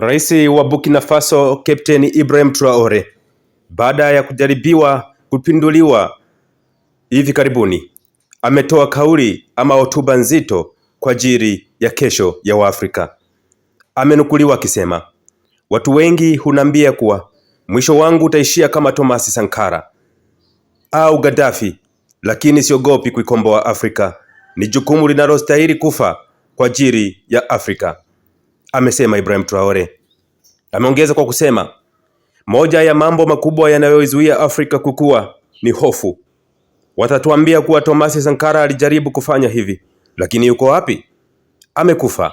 Rais wa Burkina Faso Captain Ibrahim Traore baada ya kujaribiwa kupinduliwa hivi karibuni ametoa kauli ama hotuba nzito kwa ajili ya kesho ya Waafrika. Amenukuliwa akisema, watu wengi hunambia kuwa mwisho wangu utaishia kama Thomas Sankara au Gaddafi, lakini siogopi kuikomboa Afrika. Ni jukumu linalostahili kufa kwa ajili ya Afrika amesema Ibrahim Traore. Ameongeza kwa kusema moja ya mambo makubwa yanayoizuia Afrika kukua ni hofu. Watatuambia kuwa Thomas Sankara alijaribu kufanya hivi, lakini yuko wapi? Amekufa.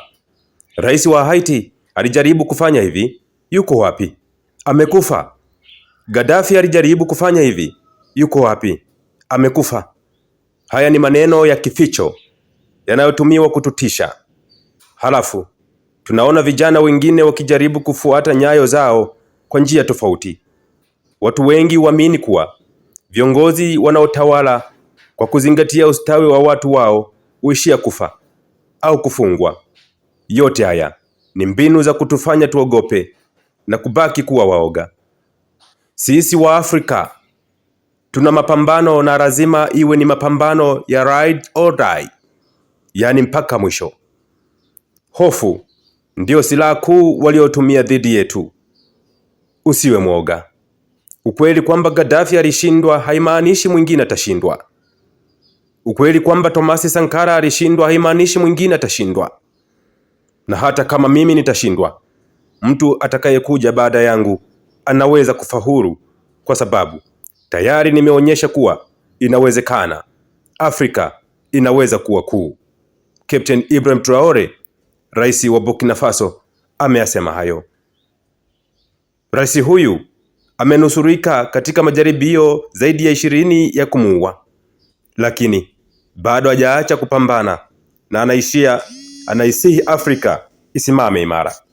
Rais wa Haiti alijaribu kufanya hivi, yuko wapi? Amekufa. Gaddafi alijaribu kufanya hivi, yuko wapi? Amekufa. Haya ni maneno ya kificho yanayotumiwa kututisha. Halafu Tunaona vijana wengine wakijaribu kufuata nyayo zao kwa njia tofauti. Watu wengi waamini kuwa viongozi wanaotawala kwa kuzingatia ustawi wa watu wao huishia kufa au kufungwa. Yote haya ni mbinu za kutufanya tuogope na kubaki kuwa waoga. Sisi wa Afrika tuna mapambano na lazima iwe ni mapambano ya ride or die, yaani mpaka mwisho. Hofu ndiyo silaha kuu waliotumia dhidi yetu. Usiwe mwoga. Ukweli kwamba Gaddafi alishindwa haimaanishi mwingine atashindwa. Ukweli kwamba Tomasi Sankara alishindwa haimaanishi mwingine atashindwa. Na hata kama mimi nitashindwa, mtu atakayekuja baada yangu anaweza kufahuru kwa sababu tayari nimeonyesha kuwa inawezekana. Afrika inaweza kuwa kuu. Captain Ibrahim Traore rais wa Burkina Faso ameyasema hayo. Rais huyu amenusurika katika majaribio zaidi ya ishirini ya kumuua, lakini bado hajaacha kupambana na anaishia anaisihi Afrika isimame imara.